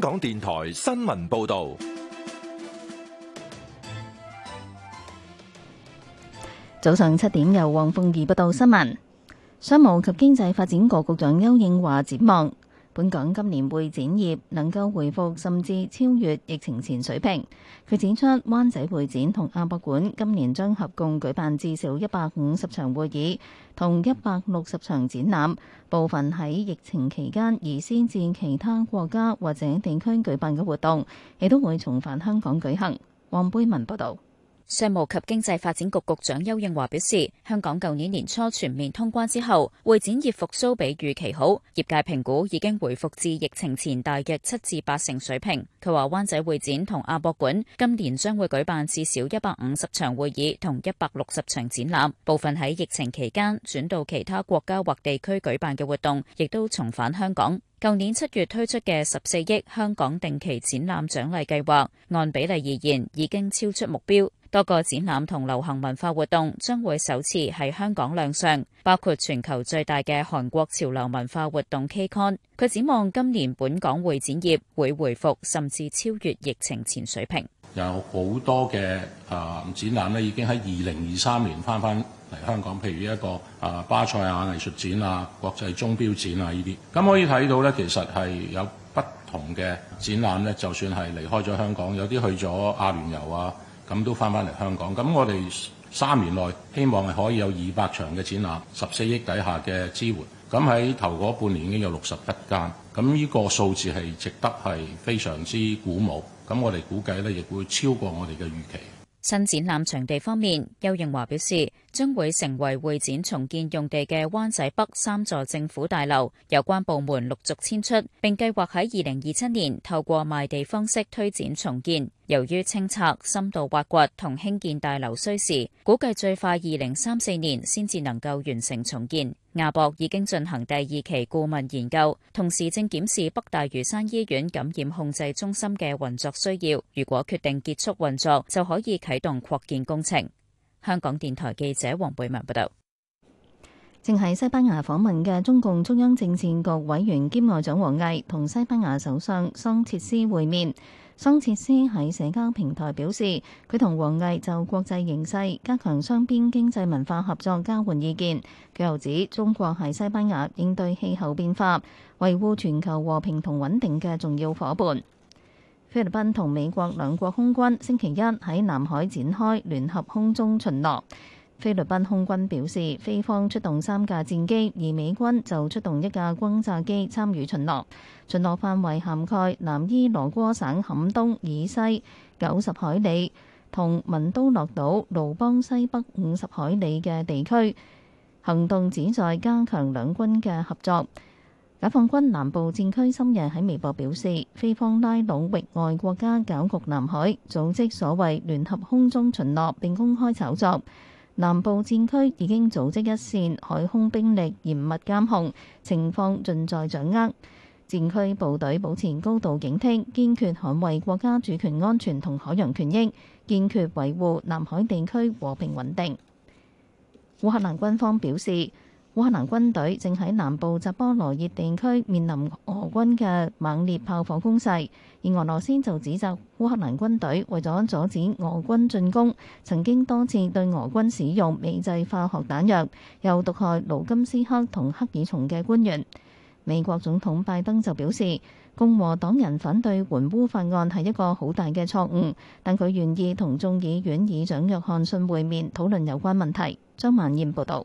香港電台新聞報道，早上七點由黃鳳儀報道新聞。商務及經濟發展局局長邱應華展望。本港今年會展業能夠恢復，甚至超越疫情前水平。佢展出，灣仔會展同亞博館今年將合共舉辦至少一百五十場會議，同一百六十場展覽。部分喺疫情期間移師至其他國家或者地區舉辦嘅活動亦都會重返香港舉行。黃貝文報道。商務及經濟發展局局長邱應華表示，香港舊年年初全面通關之後，會展業復蘇比預期好，業界評估已經回復至疫情前大約七至八成水平。佢話灣仔會展同亞博館今年將會舉辦至少一百五十場會議同一百六十場展覽，部分喺疫情期間轉到其他國家或地區舉辦嘅活動，亦都重返香港。舊年七月推出嘅十四億香港定期展覽獎勵計劃，按比例而言已經超出目標。多個展覽同流行文化活動將會首次喺香港亮相，包括全球最大嘅韓國潮流文化活動 KCON。佢展望今年本港會展業會恢復，甚至超越疫情前水平。有好多嘅啊展覽咧，已經喺二零二三年返返嚟香港，譬如一個啊巴塞亞藝術展啊、國際鐘錶展啊呢啲。咁可以睇到呢，其實係有不同嘅展覽呢，就算係離開咗香港，有啲去咗阿聯酋啊。咁都返返嚟香港，咁我哋三年內希望係可以有二百場嘅展覽，十四億底下嘅支援。咁喺頭嗰半年已經有六十一間，咁呢個數字係值得，係非常之鼓舞。咁我哋估計咧，亦會超過我哋嘅預期。新展覽場地方面，丘應樺表示將會成為會展重建用地嘅灣仔北三座政府大樓，有關部門陸續遷出，並計劃喺二零二七年透過賣地方式推展重建。由於清拆、深度挖掘同興建大樓需時，估計最快二零三四年先至能夠完成重建。亞博已經進行第二期顧問研究，同時正檢視北大嶼山醫院感染控制中心嘅運作需要。如果決定結束運作，就可以啟動擴建工程。香港電台記者黃貝文報道。正喺西班牙訪問嘅中共中央政治局委員兼外長王毅同西班牙首相桑切斯會面。桑切斯喺社交平台表示，佢同王毅就國際形勢加強雙邊經濟文化合作交換意見。佢又指，中國係西班牙應對氣候變化、維護全球和平同穩定嘅重要夥伴。菲律賓同美國兩國空軍星期一喺南海展開聯合空中巡邏。菲律賓空軍表示，菲方出動三架戰機，而美軍就出動一架轟炸機參與巡邏。巡邏範圍涵蓋南伊羅戈省坎東以西九十海里，同民都洛島盧邦西北五十海里嘅地區。行動旨在加強兩軍嘅合作。解放軍南部戰區深夜喺微博表示，菲方拉攏域外國家搞局南海，組織所謂聯合空中巡邏，並公開炒作。南部戰區已經組織一線海空兵力，嚴密監控情況，盡在掌握。戰區部隊保持高度警惕，堅決捍衛國家主權安全同海洋權益，堅決維護南海地區和平穩定。烏克蘭軍方表示：烏克蘭軍隊正喺南部扎波羅熱地區面臨俄軍嘅猛烈炮火攻勢，而俄羅斯就指責烏克蘭軍隊為咗阻止俄軍進攻，曾經多次對俄軍使用美製化學彈藥，又毒害盧金斯克同克爾松嘅官員。美國總統拜登就表示，共和黨人反對援烏法案係一個好大嘅錯誤，但佢願意同眾議院議長約翰遜會面討論有關問題，張萬燕報道。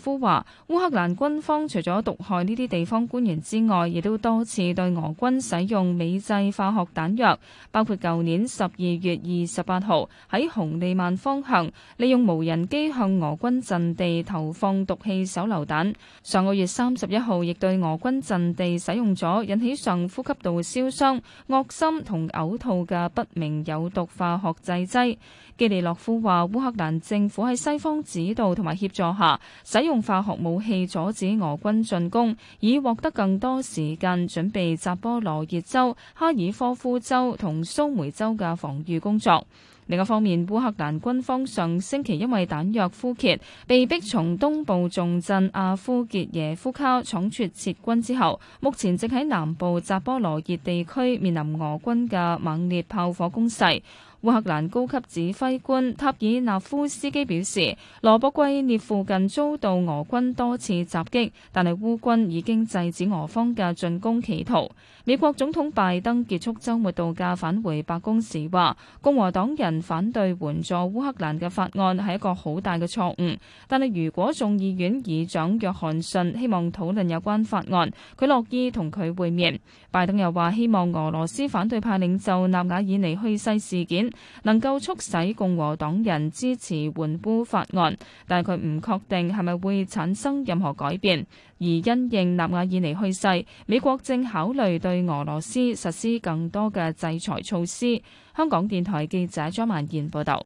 夫話，烏克蘭軍方除咗毒害呢啲地方官員之外，亦都多次對俄軍使用美製化學彈藥，包括舊年十二月二十八號喺紅利曼方向利用無人機向俄軍陣地投放毒氣手榴彈，上個月三十一號亦對俄軍陣地使用咗引起上呼吸道燒傷、噁心同嘔吐嘅不明有毒化學製劑。基利洛夫話：烏克蘭政府喺西方指導同埋協助下，使用化學武器阻止俄軍進攻，以獲得更多時間準備扎波羅熱州、哈爾科夫州同蘇梅州嘅防禦工作。另一方面，烏克蘭軍方上星期因為彈藥枯竭，被逼從東部重鎮阿夫傑耶夫卡倉促撤軍之後，目前正喺南部扎波羅熱地區面臨俄軍嘅猛烈炮火攻勢。烏克蘭高級指揮官塔爾納夫斯基表示，羅博季涅附近遭到俄軍多次襲擊，但係烏軍已經制止俄方嘅進攻企圖。美國總統拜登結束周末度假返回白宮時話，共和黨人反對援助烏克蘭嘅法案係一個好大嘅錯誤。但係如果眾議院議長約翰遜希望討論有關法案，佢樂意同佢會面。拜登又話希望俄羅斯反對派領袖納瓦爾尼去世事件。能夠促使共和黨人支持援烏法案，但佢唔確定係咪會產生任何改變。而因應納瓦爾尼去世，美國正考慮對俄羅斯實施更多嘅制裁措施。香港電台記者張曼燕報道。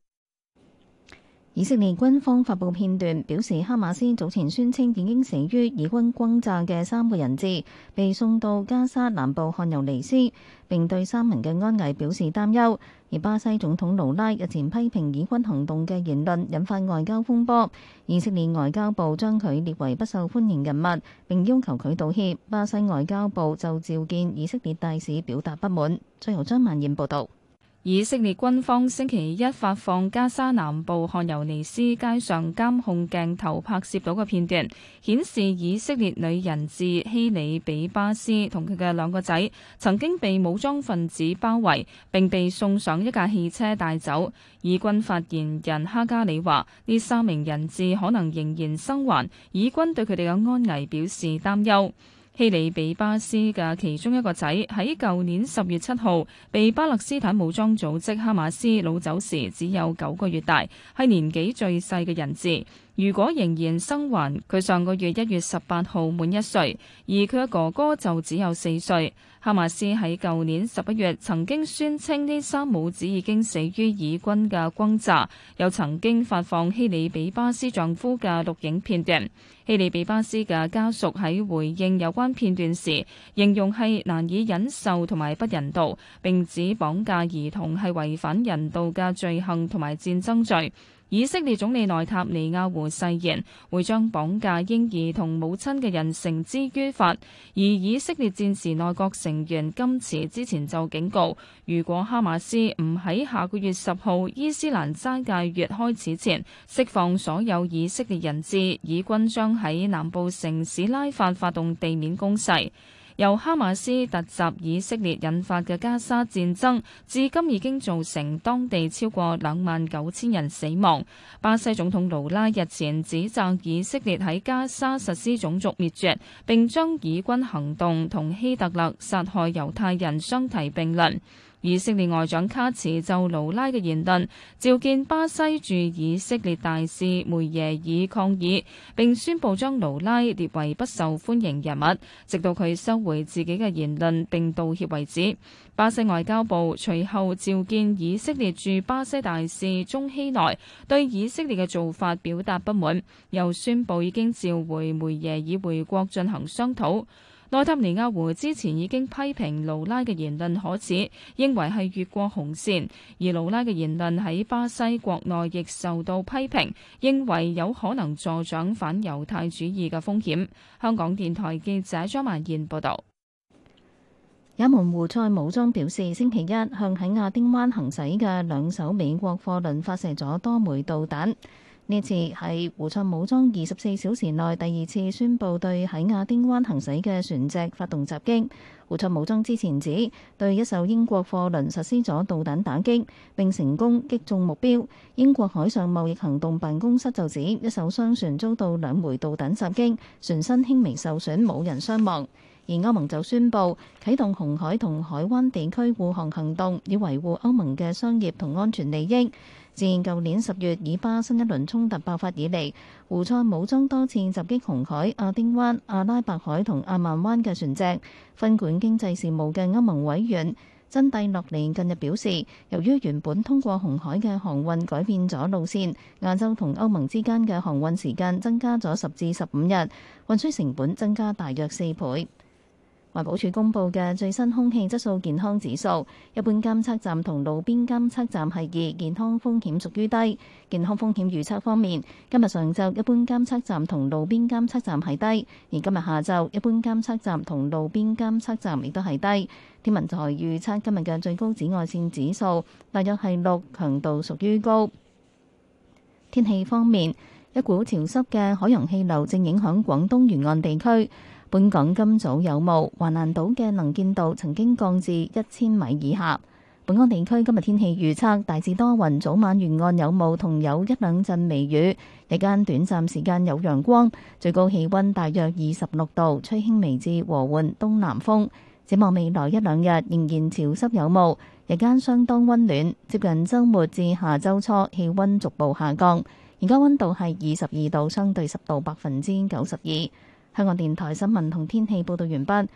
以色列軍方發布片段，表示哈馬斯早前宣稱已經死於以軍轟炸嘅三個人質被送到加沙南部漢尤尼斯，並對三名嘅安危表示擔憂。而巴西總統盧拉日前批評以軍行動嘅言論，引發外交風波。以色列外交部將佢列為不受歡迎人物，並要求佢道歉。巴西外交部就召見以色列大使，表達不滿。最後張曼燕報導。以色列軍方星期一發放加沙南部汗尤尼斯街上監控鏡頭拍攝到嘅片段，顯示以色列女人質希里比巴斯同佢嘅兩個仔曾經被武裝分子包圍，並被送上一架汽車帶走。以軍發言人哈加里話：呢三名人質可能仍然生還，以軍對佢哋嘅安危表示擔憂。希里比巴斯嘅其中一個仔喺舊年十月七號被巴勒斯坦武裝組織哈馬斯擄走時，只有九個月大，係年紀最細嘅人質。如果仍然生還，佢上個月一月十八號滿一歲，而佢嘅哥哥就只有四歲。哈馬斯喺舊年十一月曾經宣稱呢三母子已經死於以軍嘅轟炸，又曾經發放希里比巴斯丈夫嘅錄影片段。希里比巴斯嘅家屬喺回應有關片段時，形容係難以忍受同埋不人道，並指綁架兒童係違反人道嘅罪行同埋戰爭罪。以色列總理內塔尼亞胡誓言會將綁架嬰兒同母親嘅人繩之於法，而以色列戰時內閣成員今次之前就警告，如果哈馬斯唔喺下個月十號伊斯蘭齋戒月開始前釋放所有以色列人質，以軍將喺南部城市拉法發動地面攻勢。由哈馬斯突襲以色列引發嘅加沙戰爭，至今已經造成當地超過兩萬九千人死亡。巴西總統盧拉日前指責以色列喺加沙實施種族滅絕，並將以軍行動同希特勒殺害猶太人相提並論。以色列外長卡茨就盧拉嘅言論召見巴西駐以色列大使梅耶爾抗議，並宣布將盧拉列為不受歡迎人物，直到佢收回自己嘅言論並道歉為止。巴西外交部隨後召見以色列駐巴西大使宗希內，對以色列嘅做法表達不滿，又宣布已經召回梅耶爾回國進行商討。內塔尼亞胡之前已經批評盧拉嘅言論可恥，認為係越過紅線。而盧拉嘅言論喺巴西國內亦受到批評，認為有可能助長反猶太主義嘅風險。香港電台記者張曼燕報導。也門胡塞武裝表示，星期一向喺亞丁灣行駛嘅兩艘美國貨輪發射咗多枚導彈。呢次係胡塞武裝二十四小時內第二次宣佈對喺亞丁灣行駛嘅船隻發動襲擊。胡塞武裝之前指對一艘英國貨輪實施咗導彈打擊，並成功擊中目標。英國海上貿易行動辦公室就指，一艘商船遭到兩枚導彈襲擊，船身輕微受損，冇人傷亡。而歐盟就宣布啟動紅海同海灣地區護航行動，以維護歐盟嘅商業同安全利益。自舊年十月以巴新一輪衝突爆發以嚟，胡塞武裝多次襲擊紅海、亞丁灣、阿拉伯海同阿曼灣嘅船隻。分管經濟事務嘅歐盟委員真蒂洛尼近日表示，由於原本通過紅海嘅航運改變咗路線，亞洲同歐盟之間嘅航運時間增加咗十至十五日，運輸成本增加大約四倍。環保署公布嘅最新空氣質素健康指數，一般監測站同路邊監測站係二，健康風險屬於低。健康風險預測方面，今日上晝一般監測站同路邊監測站係低，而今日下晝一般監測站同路邊監測站亦都係低。天文台預測今日嘅最高紫外線指數大約係六，強度屬於高。天氣方面，一股潮濕嘅海洋氣流正影響廣東沿岸地區。本港今早有霧，橫瀾島嘅能見度曾經降至一千米以下。本港地區今日天氣預測大致多雲，早晚沿岸有霧，同有一兩陣微雨，日間短暫時間有陽光，最高氣温大約二十六度，吹輕微至和緩東南風。展望未來一兩日仍然潮濕有霧，日間相當温暖。接近周末至下周初氣温逐步下降。而家温度係二十二度，相對濕度百分之九十二。香港電台新聞同天氣報道完畢。